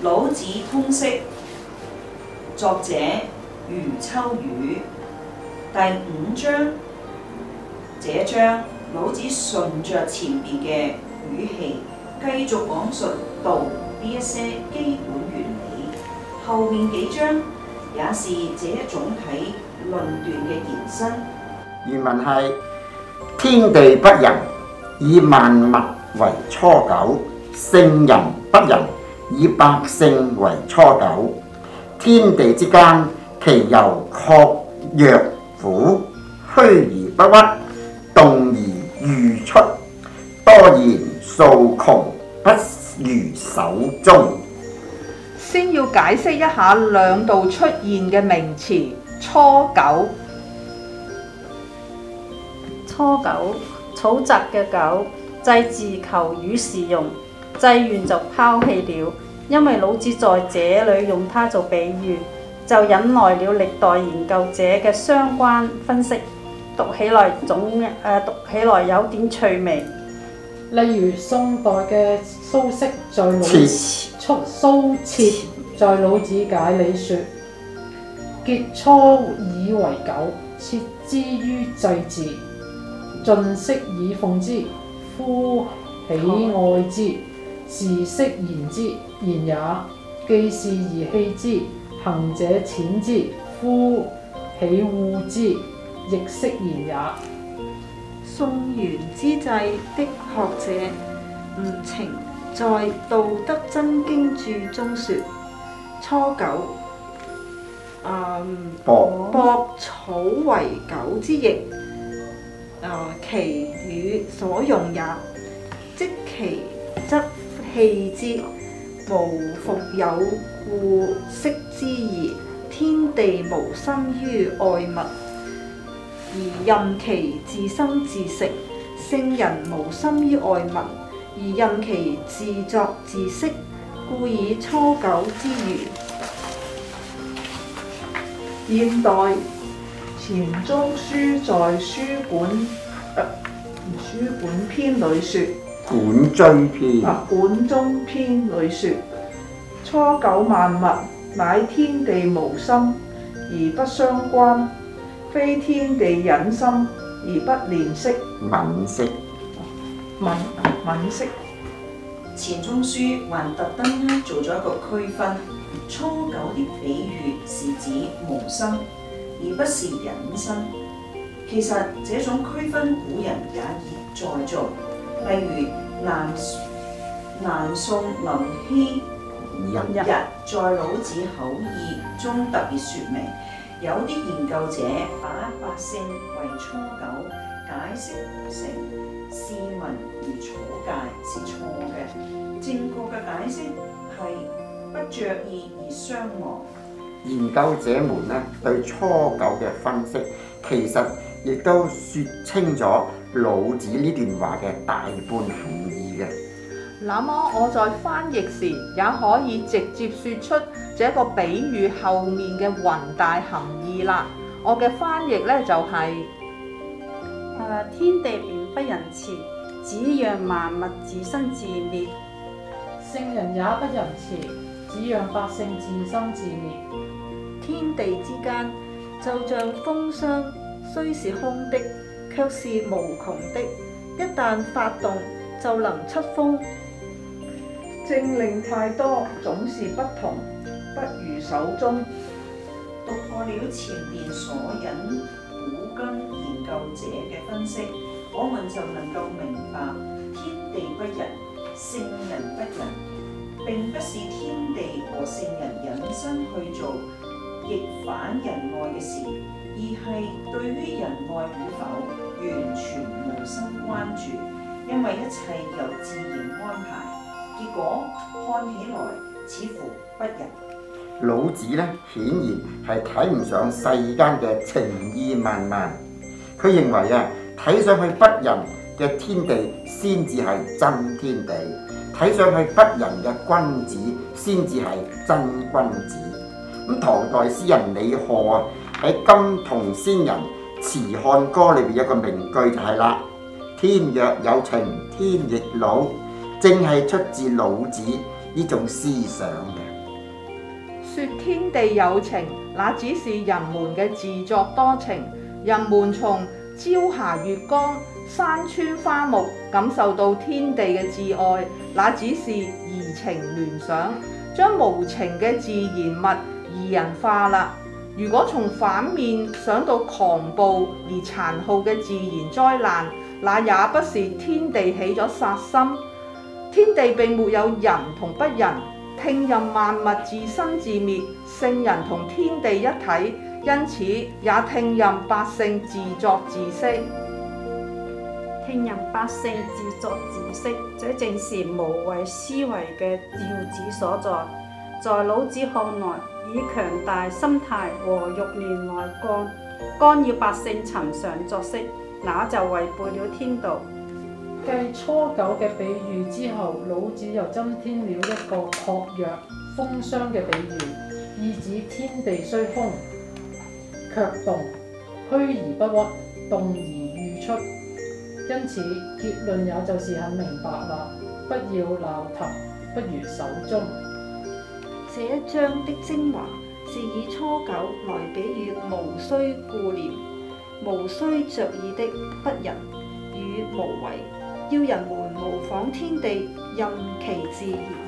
老子通釋，作者余秋雨，第五章。這一章老子順着前面嘅語氣，繼續講述道呢一些基本原理。後面幾章也是這一總體論斷嘅延伸。原文係天地不仁，以萬物為芻狗；聖人不仁，以百姓為芻狗。天地之間，其猶橐籥乎，虛而不屈，動而愈出，多言數窮，不如守中。先要解釋一下兩度出現嘅名詞“芻狗、芻狗、草紮嘅狗，祭祀求雨時用。祭完就拋棄了，因為老子在這裡用它做比喻，就引來了歷代研究者嘅相關分析，讀起來總誒、啊、讀起來有點趣味。例如宋代嘅蘇軾在老子《老》《蘇，蘇轍」在《老子解》裏說：結芻以為狗，設之於祭祀，盡飾以奉之，夫豈愛之。是識言之言也，既是而棄之，行者淺之，夫豈護之，亦識言也。宋元之際的學者吳澄在《道德真經注》中說：芻狗，啊、嗯，哦，博草為狗之形，啊，其與所用也，即其。氣節無之無復有故，息之餘，天地無心於愛物，而任其自生自食；聖人無心於愛民，而任其自作自息。故以芻狗之喻，現代錢鍾書在《管錐編》、呃、《管錐編》裏說。管、啊、錐編啊，管錐編裏說：芻狗萬物乃天地無心而不相關，非天地隱心而不憐惜色。敏色，敏敏色。錢鍾書還特登做咗一個區分，芻狗的比喻是指無心，而不是隱心」。其實這種區分古人也已在做。例如南南宋林希逸在《老子口義》中特別説明，有啲研究者把百姓為芻狗解釋成視民如草芥是錯嘅，正確嘅解釋係不着意而相忘」。研究者們呢，對芻狗嘅分析，其實亦都説清楚。老子呢段話嘅大半含義嘅。那麼我在翻譯時也可以直接說出這個比喻後面嘅宏大含義啦。我嘅翻譯咧就係、是啊、天地並不仁慈，只讓萬物自生自滅；聖人也不仁慈，只讓百姓自生自滅。天地之間，就像風箱雖是空的。卻是無窮的，一旦發動就能出風。政令太多，總是不同，不如守中。讀過了前面所引古今研究者嘅分析，我們就能夠明白，天地不仁，聖人不仁，並不是天地和聖人忍心去做逆反仁愛嘅事，而係對於仁愛與否，完全無心關注，因為一切由自然安排。結果看起來似乎不仁。老子呢顯然係睇唔上世間嘅情意漫漫。佢認為啊，睇上去不仁嘅天地先至係真天地，睇上去不仁嘅君子先至係真君子。咁唐代詩人李賀啊喺《金銅仙人》。《辭漢歌》裏邊有個名句就係、是、啦：天若有情天亦老，正係出自老子呢種思想嘅。説天地有情，那只是人們嘅自作多情。人們從朝霞、月光、山川、花木感受到天地嘅至愛，那只是移情聯想，將無情嘅自然物擬人化啦。如果從反面想到狂暴而殘酷嘅自然災難，那也不是天地起咗殺心。天地並沒有仁同不仁，聽任萬物自生自滅。聖人同天地一體，因此也聽任百姓自作自息。聽任百姓自作自息，這正是無為思維嘅要旨所在。在老子看來，以強大心態和欲念來干，干擾百姓尋常作息，那就違背了天道。繼芻狗嘅比喻之後，老子又增添了一個橐籥風箱嘅比喻，意指天地雖空，卻動，虛而不屈，動而愈出。因此結論也就是很明白啦，不要鬧騰，不如守中。這一章的精華是以芻狗來比喻無需顧念、無需著意的不仁與無為，要人們模仿天地，任其自然。